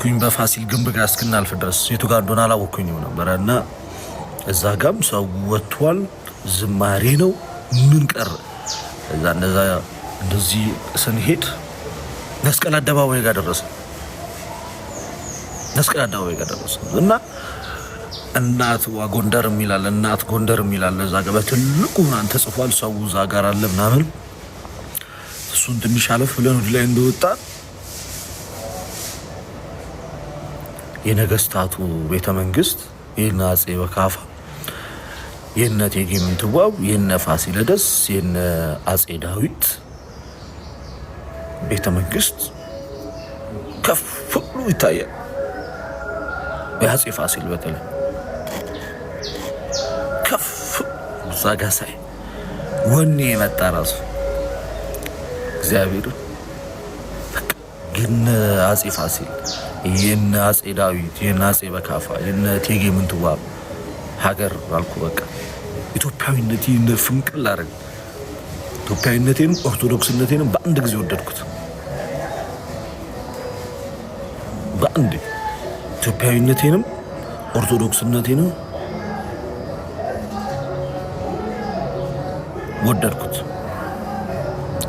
ካልኩኝ በፋሲል ግንብ ጋር እስክናልፍ ድረስ የቱ ጋር እንደሆነ አላወኩኝም ነበረ እና እዛ ጋም ሰው ወጥቷል። ዝማሬ ነው ምን ቀረ እዛ እነዛ እንደዚህ ስንሄድ መስቀል አደባባይ ጋር ደረሰ። መስቀል አደባባይ ጋር ደረሰ እና እናት ጎንደር የሚላለ እናት ጎንደር የሚላለ እዛ ጋር በትልቁ ምናምን ተጽፏል። ሰው እዛ ጋር አለ ምናምን እሱን ትንሽ አለፍ ብለን ወደ ላይ እንደወጣ የነገስታቱ ቤተ መንግስት የነ አጼ ወካፋ የነ እቴጌ ምንትዋብ የነ ፋሲለደስ የነ አጼ ዳዊት ቤተ መንግስት ከፍ ብሎ ይታያል። የአጼ ፋሲል በተለይ ከፍ እዛ ጋ ሳይ ወኔ የመጣ ራሱ እግዚአብሔር ግን አጼ ፋሲል የነ አጼ ዳዊት የነ አጼ በካፋ የነ ቴጌ ምንትዋብ ሀገር አልኩ። በቃ ኢትዮጵያዊነት ይህን ፍንቅል አረግ ኢትዮጵያዊነቴንም ኦርቶዶክስነቴንም በአንድ ጊዜ ወደድኩት። በአንድ ኢትዮጵያዊነቴንም ኦርቶዶክስነቴንም ወደድኩት።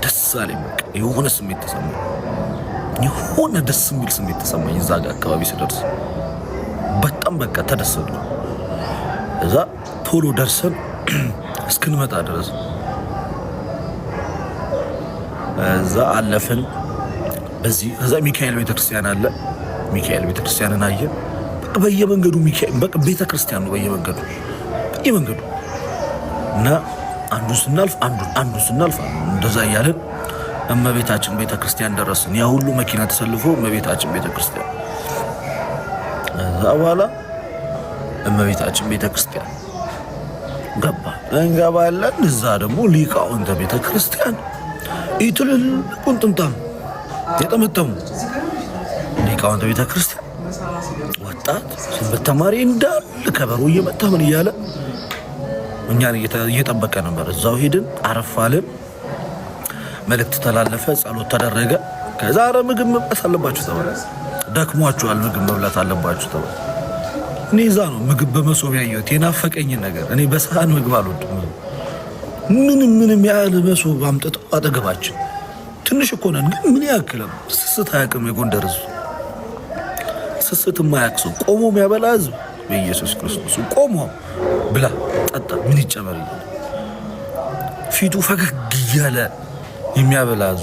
ደስ አለኝ። በቃ የሆነ ስሜት ተሰማ። የሆነ ደስ የሚል ስሜት ተሰማኝ። እዛ ጋር አካባቢ ስደርስ በጣም በቃ ተደሰቱ። እዛ ቶሎ ደርሰን እስክንመጣ ድረስ እዛ አለፍን። በዚህ እዛ ሚካኤል ቤተክርስቲያን አለ። ሚካኤል ቤተክርስቲያንን አየን። በየመንገዱ ሚካኤል በቃ ቤተክርስቲያን ነው። በየመንገዱ በየመንገዱ እና አንዱን ስናልፍ አንዱን አንዱን ስናልፍ እንደዛ እያለን እመቤታችን ቤተ ክርስቲያን ደረስን። ያ ሁሉ መኪና ተሰልፎ እመቤታችን ቤተ ክርስቲያን እዛ በኋላ እመቤታችን ቤተ ክርስቲያን ገባ እንገባለን። እዛ ደግሞ ሊቃውንተ ቤተ ክርስቲያን ይትልልቁን ጥምጣም የጠመጠሙ ሊቃውንተ ቤተ ክርስቲያን ወጣት ስንበት ተማሪ እንዳለ ከበሮ እየመታ ምን እያለ እኛን እየጠበቀ ነበር። እዛው ሄድን አረፋልን። መልእክት ተላለፈ፣ ጸሎት ተደረገ። ከዛ ኧረ ምግብ መብላት አለባችሁ ተባለ። ደክሟችኋል፣ ምግብ መብላት አለባችሁ ተባለ። እኔ እዛ ነው ምግብ በመሶብ ያየሁት የናፈቀኝን ነገር። እኔ በሰሃን ምግብ አልወድም። ምንም ምንም ያህል መሶብ አምጥተው አጠገባችን ትንሽ እኮ ነን፣ ግን ምን ያክልም ስስት አያውቅም። የጎንደር ህዝብ ስስት የማያውቅ ሰው ቆሞ የሚያበላ ህዝብ በኢየሱስ ክርስቶስ ቆሞ ብላ ጠጣ ምን ይጨመር ፊቱ ፈገግ እያለ የሚያበላዙ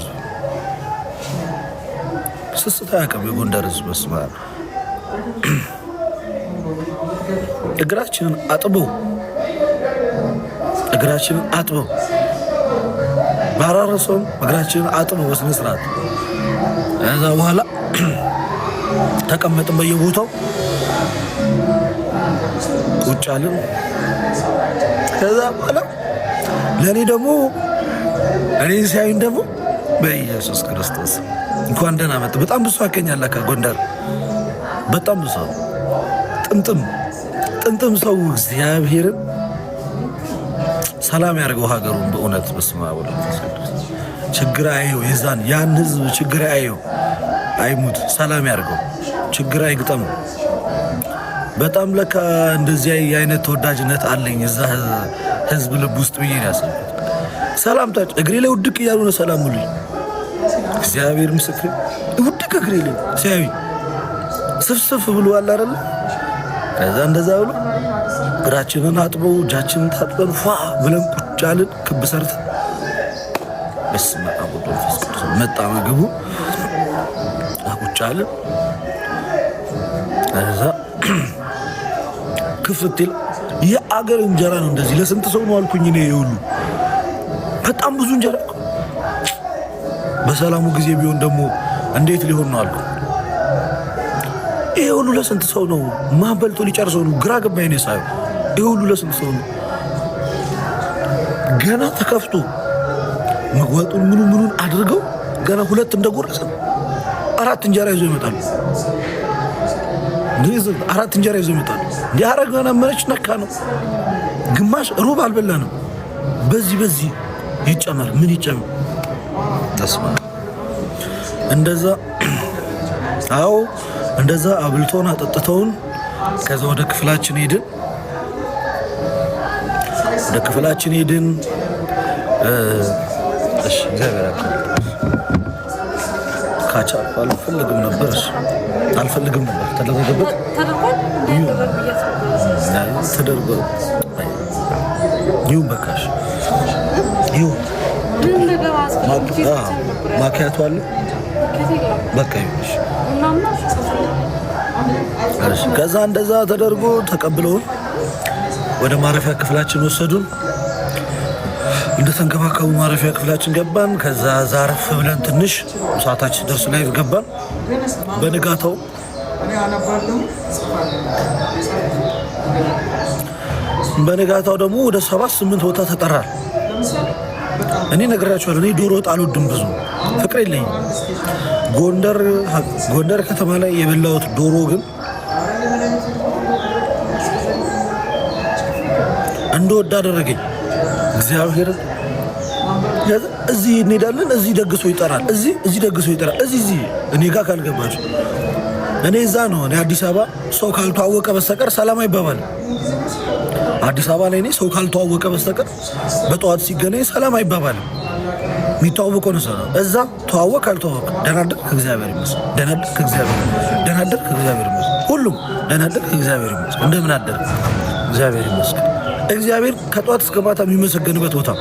ስስት አያውቅም የጎንደር ህዝብ። በስመ አብ እግራችንን አጥበው እግራችንን አጥበው ባራረሰውም እግራችንን አጥበው በስነ ስርዓት ከዛ በኋላ ተቀመጥን በየቦታው ቁጭ አልን። ከዛ በኋላ ለእኔ ደግሞ እኔን ሲያዩኝ ደግሞ በኢየሱስ ክርስቶስ እንኳን ደህና በጣም ብዙ አገኛለ ከጎንደር ጎንደር፣ በጣም ብዙ ሰው ጥምጥም ጥምጥም ሰው እግዚአብሔርን ሰላም ያደርገው ሀገሩን በእውነት በስማ ችግር አየው የዛን ያን ህዝብ ችግር አየው አይሙት ሰላም ያደርገው ችግር አይግጠም። በጣም ለካ እንደዚህ አይነት ተወዳጅነት አለኝ እዛ ህዝብ ልብ ውስጥ ብዬ ያስብ ሰላምታች እግሬ ላይ ውድቅ እያሉ ነው ሰላም ሙሉ እግዚአብሔር ምስክር ውድቅ እግሬ ላይ ሲያዩ ስፍስፍ ብሎ አለ አይደለ? ከዛ እንደዛ ብሎ እግራችንን አጥበው እጃችንን ታጥበን ፏ ብለን ቁጭ አልን። ክብ ሰርተን በስመ አብ ወወልድ ወመንፈስ ቅዱስ መጣ ምግቡ ቁጭ አልን። ከዛ ክፍት የአገር እንጀራ ነው እንደዚህ ለስንት ሰው ነው አልኩኝ እኔ በጣም ብዙ እንጀራ በሰላሙ ጊዜ ቢሆን ደግሞ እንዴት ሊሆን ነው አልኩ። ይሄ ሁሉ ለስንት ሰው ነው? ማን በልቶ ሊጨርሰው ነው? ግራ ገባኝ። ሳ ይሄ ሁሉ ለስንት ሰው ነው? ገና ተከፍቶ መግባጡን ምኑ ምኑን አድርገው ገና ሁለት እንደጎረሰ አራት እንጀራ ይዞ ይመጣሉ። አራት እንጀራ ይዞ ይመጣሉ። ያረገና መች ነካ ነው ግማሽ ሩብ አልበላንም። በዚህ በዚህ ይጨመር ምን ይጨመር? ተስማ እንደዛ አዎ፣ እንደዛ አብልቶን አጠጥተውን ከዛ ወደ ክፍላችን ሄድን። ወደ ክፍላችን ሄድን። እሺ ካቻ አልፈልግም ነበር እሺ፣ አልፈልግም ነበር ተደረገበት ተደርጓል። ይሁን በቃሽ ማኪያቱ አለ። በቃ ይኸውልሽ። ከዛ እንደዛ ተደርጎ ተቀብለውን ወደ ማረፊያ ክፍላችን ወሰዱን። እንደተንከባከቡ ማረፊያ ክፍላችን ገባን። ከዛ ዛረፍ ብለን ትንሽ ሰዓታችን ደርስ ላይ ገባን። በንጋታው በንጋታው ደግሞ ወደ ሰባት ስምንት ቦታ ተጠራል። እኔ ነግራችኋለሁ። እኔ ዶሮ ወጥ አልወድም፣ ብዙ ፍቅር የለኝም። ጎንደር ጎንደር ከተማ ላይ የበላሁት ዶሮ ግን እንደወድ አደረገኝ። እግዚአብሔር እዚህ እንሄዳለን፣ እዚህ ደግሶ ይጠራል፣ እዚህ እዚህ ደግሶ ይጠራል፣ እዚህ እዚህ እኔ ጋር ካልገባችሁ እኔ እዛ ነው እኔ አዲስ አበባ ሰው ካልተዋወቀ በስተቀር ሰላም አይባባልም። አዲስ አበባ ላይ እኔ ሰው ካልተዋወቀ በስተቀር በጠዋት ሲገናኝ ሰላም አይባባልም። የሚተዋወቀው ነው ሰላም። እዛ ተዋወቅ ካልተዋወቅ ደናደር ከእግዚአብሔር ይመስል ደናደር ከእግዚአብሔር ደናደር ከእግዚአብሔር ይመስል ሁሉም ደናደር ከእግዚአብሔር ይመስል እንደምን አደር እግዚአብሔር ይመስል እግዚአብሔር ከጠዋት እስከ ማታ የሚመሰገንበት ቦታ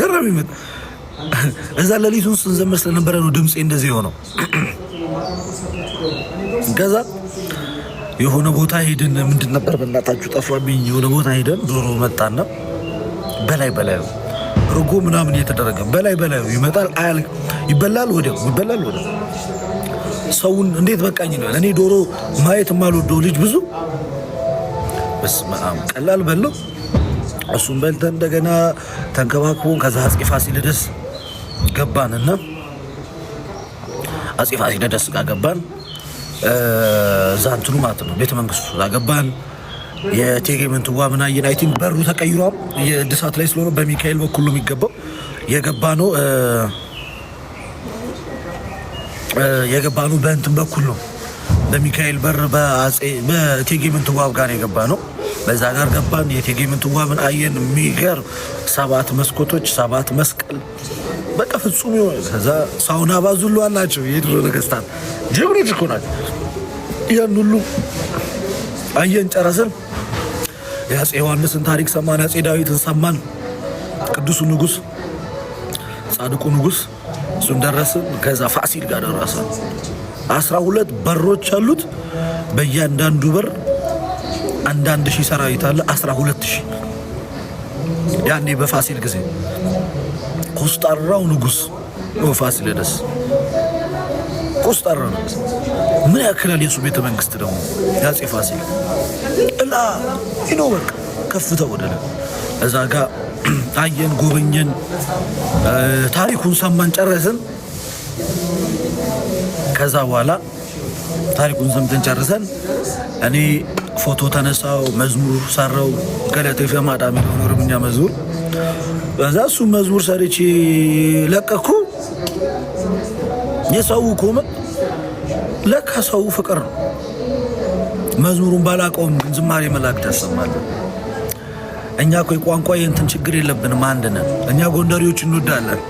ገረም ይመጣ እዛ ሌሊቱን ስንዘምር ስለነበረ ነው ድምፅ እንደዚህ የሆነው። ከዛ የሆነ ቦታ ሄደን ምንድን ነበር በእናታችሁ ጠፋብኝ። የሆነ ቦታ ሄደን ዶሮ መጣና በላይ በላዩ ርጎ ምናምን እየተደረገ በላይ በላዩ ይመጣል፣ አያል ይበላል፣ ወዲያው ይበላል። ወዲያው ሰውን እንዴት በቃኝ ነው። እኔ ዶሮ ማየት የማልወደው ልጅ ብዙ በስመ አብ ቀላል በለው። እሱን በልተ እንደገና ተንከባክቦን ከዛ አፄ ፋሲለደስ ገባንና አጼ ፋሲለደስ ጋር ገባን። እዛ እንትኑ ማለት ነው ቤተ መንግስቱ ጋር ገባን። የእቴጌ ምንትዋ ምናየን አይ ቲንክ በሩ ተቀይሯል። የእድሳት ላይ ስለሆነ በሚካኤል በኩል ነው የሚገባው። የገባ ነው የገባ ነው በእንትን በኩል ነው በሚካኤል በር በእቴጌ ምንትዋብ ጋር የገባ ነው። በዛ ጋር ገባን። የእቴጌ ምንትዋብን አየን። የሚገርም ሰባት መስኮቶች፣ ሰባት መስቀል በቃ ፍጹም ይሆን። ከዛ ሳውና ባዙሉ አላቸው የድሮ ነገስታት ጀግኖች እኮ ናቸው። ያን ሁሉ አየን ጨረስን። የአፄ ዮሐንስን ታሪክ ሰማን፣ አፄ ዳዊትን ሰማን፣ ቅዱሱ ንጉስ፣ ጻድቁ ንጉስ እሱን ደረስን። ከዛ ፋሲል ጋር ደረሰ። አስራ ሁለት በሮች አሉት። በእያንዳንዱ በር አንዳንድ ሺህ ሰራዊት አለ። አስራ ሁለት ሺህ ያኔ በፋሲል ጊዜ ኮስጣራው ንጉስ ፋሲለደስ ቆስጣራ ንጉስ ምን ያክላል የእሱ ቤተ መንግስት ደግሞ የአፄ ፋሲል እላ ይኖ በቃ ከፍተው ወደ ላይ እዛ ጋ አየን፣ ጎበኘን፣ ታሪኩን ሰማን፣ ጨረስን። ከዛ በኋላ ታሪኩን ሰምተን ጨርሰን እኔ ፎቶ ተነሳው፣ መዝሙር ሰራው ገለቴ ማዳሚ ኦሮምኛ መዝሙር በዛ እሱ መዝሙር ሰርቼ ለቀኩ። የሰው ኮመ ለካ ሰው ፍቅር ነው። መዝሙሩን ባላቀውም ግን ዝማሬ መላክ ተሰማለ። እኛ እኮ የቋንቋ የእንትን ችግር የለብንም፣ አንድ ነን። እኛ ጎንደሬዎች እንወዳለን።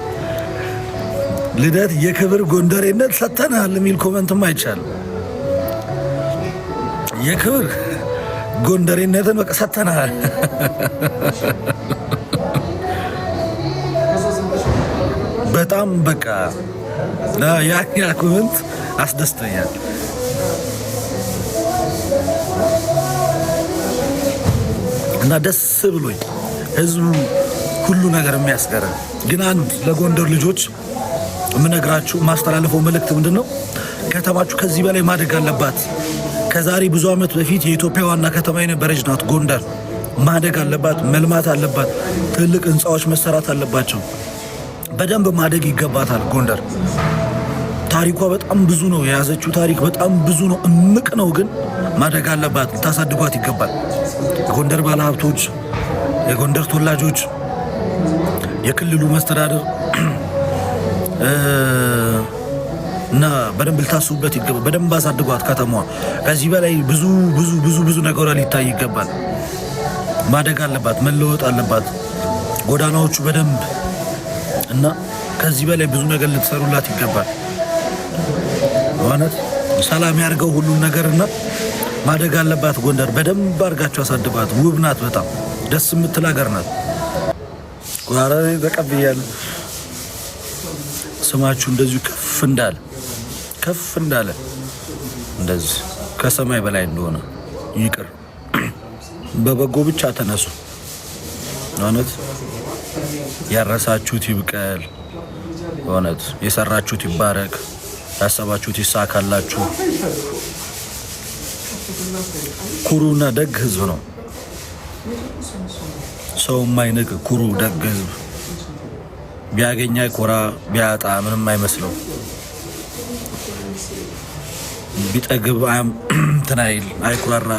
ልደት የክብር ጎንደሬነት ሰጥተናል የሚል ኮመንትም አይቻልም። የክብር ጎንደሬነትን በቃ ሰጥተናል። በጣም በቃ ያ ኮመንት አስደስተኛል። እና ደስ ብሎኝ ህዝቡ ሁሉ ነገር የሚያስገርም ግን አንድ ለጎንደር ልጆች የምነግራችሁ የማስተላለፈው መልእክት ምንድን ነው? ከተማችሁ ከዚህ በላይ ማደግ አለባት። ከዛሬ ብዙ ዓመት በፊት የኢትዮጵያ ዋና ከተማ የነበረች ናት ጎንደር። ማደግ አለባት፣ መልማት አለባት። ትልቅ ህንፃዎች መሰራት አለባቸው። በደንብ ማደግ ይገባታል ጎንደር። ታሪኳ በጣም ብዙ ነው፣ የያዘችው ታሪክ በጣም ብዙ ነው፣ እምቅ ነው። ግን ማደግ አለባት፣ ልታሳድጓት ይገባል። የጎንደር ባለሀብቶች፣ የጎንደር ተወላጆች፣ የክልሉ መስተዳደር እና በደንብ ልታስቡበት ይገባል። በደንብ አሳድጓት ከተማዋ። ከዚህ በላይ ብዙ ብዙ ብዙ ብዙ ነገሯ ሊታይ ይገባል። ማደግ አለባት፣ መለወጥ አለባት። ጎዳናዎቹ በደንብ እና ከዚህ በላይ ብዙ ነገር ልትሰሩላት ይገባል። በእውነት ሰላም ያድርገው ሁሉም ነገር ማደግ አለባት ጎንደር። በደንብ አድርጋችሁ አሳድባት። ውብ ናት፣ በጣም ደስ የምትል ሀገር ናት። ጓረ ተቀብያለሁ። ስማችሁ እንደዚሁ ከፍ እንዳለ ከፍ እንዳለ እንደዚህ ከሰማይ በላይ እንደሆነ ይቅር። በበጎ ብቻ ተነሱ እውነት ያረሳችሁት ይብቀል። እውነት የሰራችሁት ይባረክ፣ ያሰባችሁት ይሳካላችሁ። ኩሩና ደግ ህዝብ ነው። ሰው የማይንቅ ኩሩ ደግ ህዝብ ቢያገኛ አይኮራ፣ ቢያጣ ምንም አይመስለው፣ ቢጠግብ እንትን አይል፣ አይኩራራ፣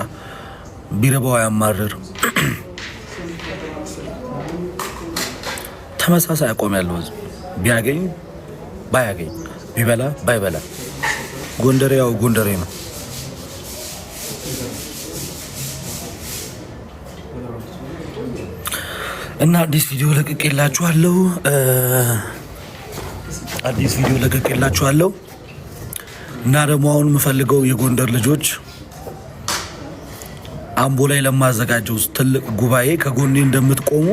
ቢረባው አያማርር። ተመሳሳይ አቋም ያለው ህዝብ ቢያገኝ ባያገኝ ቢበላ ባይበላ ጎንደሬ ያው ጎንደሬ ነው። እና አዲስ ቪዲዮ ለቅቄላችኋለሁ። አዲስ ቪዲዮ ለቅቄላችኋለሁ። እና ደግሞ አሁን የምፈልገው የጎንደር ልጆች አምቦ ላይ ለማዘጋጀው ትልቅ ጉባኤ ከጎኔ እንደምትቆሙ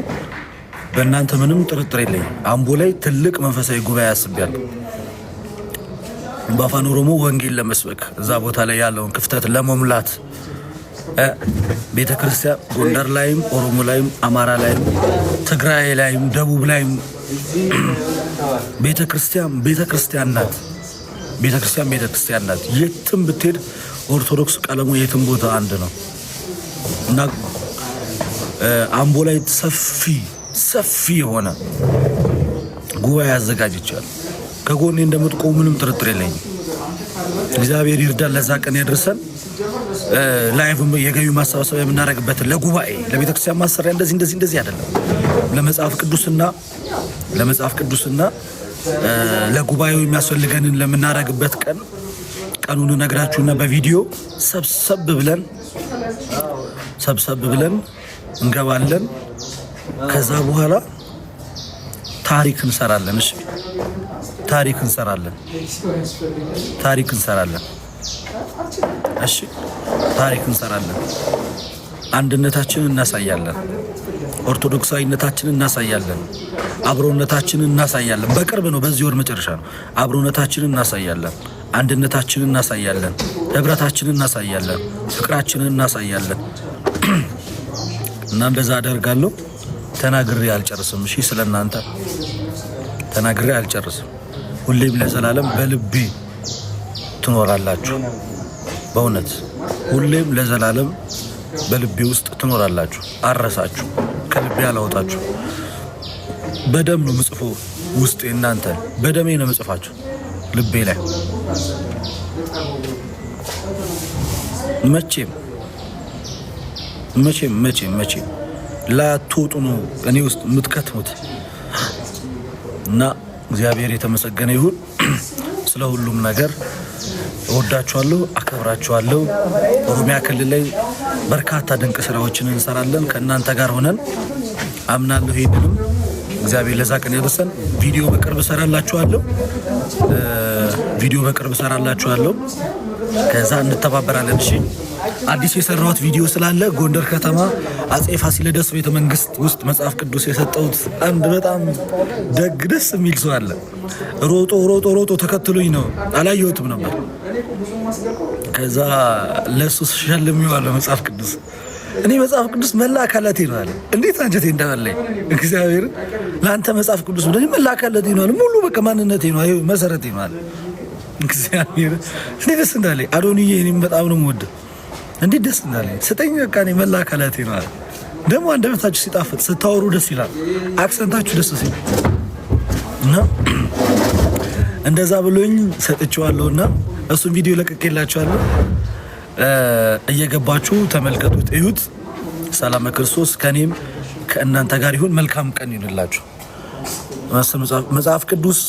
በእናንተ ምንም ጥርጥር የለኝም። አምቦ ላይ ትልቅ መንፈሳዊ ጉባኤ አስቤያለሁ። በአፋን ኦሮሞ ወንጌል ለመስበክ እዛ ቦታ ላይ ያለውን ክፍተት ለመሙላት ቤተ ክርስቲያን ጎንደር ላይም፣ ኦሮሞ ላይም፣ አማራ ላይም፣ ትግራይ ላይም፣ ደቡብ ላይም ቤተ ክርስቲያን ቤተ ክርስቲያን ናት። ቤተ ክርስቲያን ቤተ ክርስቲያን ናት። የትም ብትሄድ ኦርቶዶክስ ቀለሙ የትም ቦታ አንድ ነው እና አምቦ ላይ ሰፊ ሰፊ የሆነ ጉባኤ አዘጋጅቻል። ከጎኔ እንደምትቆሙ ምንም ጥርጥር የለኝም። እግዚአብሔር ይርዳን፣ ለዛ ቀን ያደርሰን። ላይቭ የገቢ ማሰባሰብ የምናደርግበት ለጉባኤ ለቤተክርስቲያን ማሰሪያ እንደዚህ እንደዚህ እንደዚህ አይደለም፣ ለመጽሐፍ ቅዱስና ለመጽሐፍ ቅዱስና ለጉባኤው የሚያስፈልገንን ለምናደርግበት ቀን ቀኑን ነግራችሁና በቪዲዮ ሰብሰብ ብለን ሰብሰብ ብለን እንገባለን። ከዛ በኋላ ታሪክ እንሰራለን። እሺ ታሪክ እንሰራለን። ታሪክ እንሰራለን። እሺ ታሪክ እንሰራለን። አንድነታችንን እናሳያለን። ኦርቶዶክሳዊነታችንን እናሳያለን። አብሮነታችንን እናሳያለን። በቅርብ ነው፣ በዚህ ወር መጨረሻ ነው። አብሮነታችንን እናሳያለን። አንድነታችንን እናሳያለን። ህብረታችንን እናሳያለን። ፍቅራችንን እናሳያለን እና እንደዛ አደርጋለሁ። ተናግሬ አልጨርስም። እሺ ስለ እናንተ ተናግሬ አልጨርስም። ሁሌም ለዘላለም በልቤ ትኖራላችሁ። በእውነት ሁሌም ለዘላለም በልቤ ውስጥ ትኖራላችሁ። አረሳችሁ፣ ከልቤ አላወጣችሁ። በደም ነው ምጽፎ ውስጥ እናንተ በደሜ ነው ምጽፋችሁ ልቤ ላይ መቼም መቼም መቼም መቼም ላትወጡ ነው እኔ ውስጥ የምትከትሙት እና እግዚአብሔር የተመሰገነ ይሁን። ስለ ሁሉም ነገር እወዳችኋለሁ፣ አከብራችኋለሁ። ኦሮሚያ ክልል ላይ በርካታ ድንቅ ስራዎችን እንሰራለን ከእናንተ ጋር ሆነን አምናለሁ። ይሄንንም እግዚአብሔር ለዛ ቀን ያደርሰን። ቪዲዮ በቅርብ ሰራላችኋለሁ፣ ቪዲዮ በቅርብ ሰራላችኋለሁ። ከዛ እንተባበራለን። እሺ አዲስ የሰራሁት ቪዲዮ ስላለ ጎንደር ከተማ አጼ ፋሲለደስ ቤተ መንግስት ውስጥ መጽሐፍ ቅዱስ የሰጠሁት አንድ በጣም ደግ ደስ የሚል ሰው አለ። ሮጦ ሮጦ ሮጦ ተከትሎኝ ነው አላየሁትም ነበር። ከዛ ለሱ ሸልሜዋለሁ መጽሐፍ ቅዱስ እኔ መጽሐፍ ቅዱስ መላ አካላቴ ነው አለ። እንዴት አንጀቴ እንደበላኝ እግዚአብሔር ለአንተ መጽሐፍ ቅዱስ ብለ መላ አካላቴ ነው አለ። ሙሉ በቃ ማንነቴ ነው መሰረቴ ነው አለ እግዚአብሔር። እንዴት ደስ እንዳለኝ አዶንዬ እኔም በጣም ነው የምወደው እንዴት ደስ እንዳለኝ ስጠኝ። በቃ እኔ መላ አካላቴ ነው አለ። ደግሞ አንደበታችሁ ሲጣፍጥ ስታወሩ ደስ ይላል። አክሰንታችሁ ደስ ሲል እና እንደዛ ብሎኝ ሰጥቼዋለሁ። እና እሱን ቪዲዮ ለቅቄላችኋለሁ። እየገባችሁ ተመልከቱት፣ እዩት። ሰላም ክርስቶስ ከኔም ከእናንተ ጋር ይሁን። መልካም ቀን ይሁንላችሁ። መጽሐፍ ቅዱስ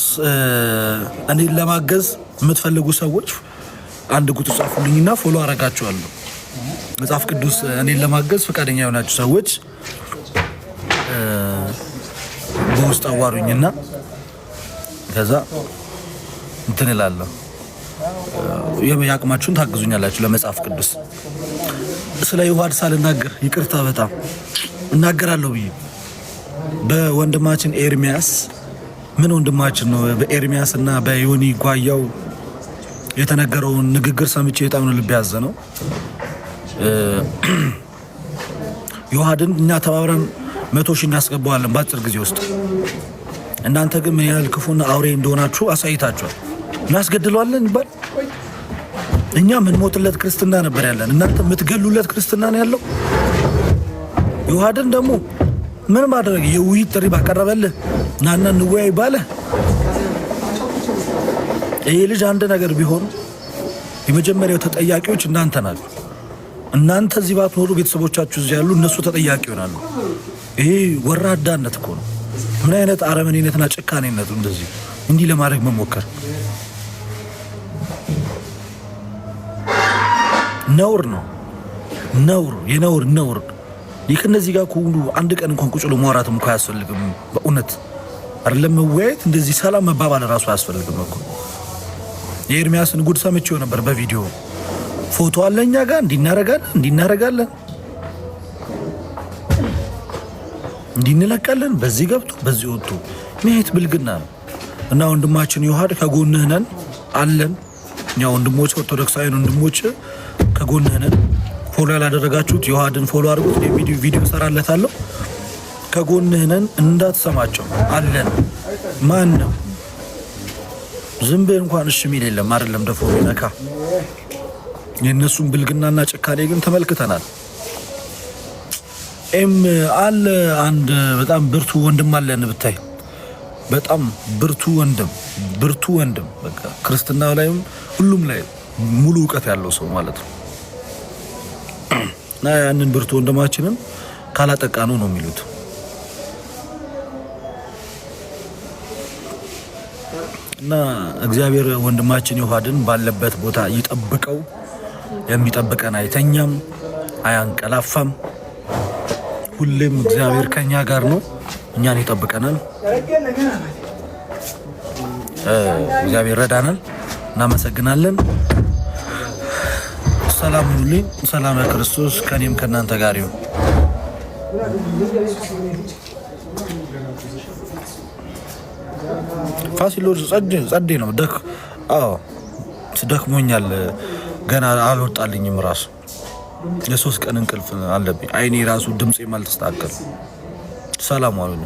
እኔን ለማገዝ የምትፈልጉ ሰዎች አንድ ቁጥር ጻፉልኝና ፎሎ አረጋችኋለሁ። መጽሐፍ ቅዱስ እኔን ለማገዝ ፈቃደኛ የሆናችሁ ሰዎች በውስጥ አዋሩኝና ከዛ እንትን እላለሁ የአቅማችሁን ታግዙኛላችሁ። ለመጽሐፍ ቅዱስ ስለ ዮሐድ ሳልናገር ይቅርታ በጣም እናገራለሁ ብዬ በወንድማችን ኤርሚያስ ምን ወንድማችን ነው በኤርሚያስ እና በዮኒ ጓያው የተነገረውን ንግግር ሰምቼ በጣም ነው ልብ ያዘ ነው። ዮሐድን እኛ ተባብረን መቶ ሺህ እናስገባዋለን በአጭር ጊዜ ውስጥ። እናንተ ግን ምን ያህል ክፉና አውሬ እንደሆናችሁ አሳይታችኋል። እናስገድለዋለን ይባል እኛ ምንሞትለት ክርስትና ነበር ያለን፣ እናንተ የምትገሉለት ክርስትና ነው ያለው። ዮሐድን ደግሞ ምን ማድረግ የውይይት ጥሪ ባቀረበልህ ናና እንወያይ ባለ ይህ ልጅ አንድ ነገር ቢሆን የመጀመሪያው ተጠያቂዎች እናንተ ናችሁ። እናንተ እዚህ ባትኖሩ ቤተሰቦቻችሁ እዚህ ያሉ እነሱ ተጠያቂ ይሆናሉ። ይሄ ወራዳነት እኮ ነው። ምን አይነት አረመኔነትና ጭካኔነቱ እንደዚህ እንዲህ ለማድረግ መሞከር ነውር ነው። ነውር የነውር ነውር። ይህ ከነዚህ ጋር ሁሉ አንድ ቀን እንኳን ቁጭሎ ብሎ እኮ አያስፈልግም። በእውነት አይደለም መወያየት፣ እንደዚህ ሰላም መባባል ራሱ አያስፈልግም እኮ። የኤርሚያስን ጉድ ሰምቼው ነበር በቪዲዮ ፎቶ አለ እኛ ጋር እንዲናረጋለን እንዲናረጋለን እንዲንለቀለን በዚህ ገብቶ በዚህ ወጥቶ መሄድ ብልግና ነው። እና ወንድማችን ዮሐድ ከጎንህ ነን አለን። እኛ ወንድሞች ኦርቶዶክሳዊን ወንድሞች ከጎንህ ነን። ፎሎ ያላደረጋችሁት ዮሐድን ፎሎ አድርጉት። ቪዲዮ እሰራለታለሁ። ከጎንህ ነን እንዳትሰማቸው አለን። ማን ነው ዝም ብለህ እንኳን እሺ የሚል የለም። አይደለም ደፎ ነካ የእነሱን ብልግናና ጭካኔ ግን ተመልክተናል። ኤም አለ አንድ በጣም ብርቱ ወንድም አለን ብታይ፣ በጣም ብርቱ ወንድም ብርቱ ወንድም በቃ ክርስትና ላይም ሁሉም ላይ ሙሉ እውቀት ያለው ሰው ማለት ነው። እና ያንን ብርቱ ወንድማችንን ካላጠቃ ነው ነው የሚሉት እና እግዚአብሔር ወንድማችን ዮሐድን ባለበት ቦታ ይጠብቀው። የሚጠብቀን አይተኛም፣ አያንቀላፋም። ሁሌም እግዚአብሔር ከኛ ጋር ነው፣ እኛን ይጠብቀናል። እግዚአብሔር ረዳናል። እናመሰግናለን። ሰላም ሁሉ ሰላም ክርስቶስ ከኔም ከእናንተ ጋር ይሁን። ፋሲሎ ጸዴ ነው። ደክ አዎ ደክሞኛል። ገና አልወጣልኝም። ራሱ የሶስት ቀን እንቅልፍ አለብኝ። አይኔ ራሱ ድምፄም አልተስተካከል ሰላም አሉኝ።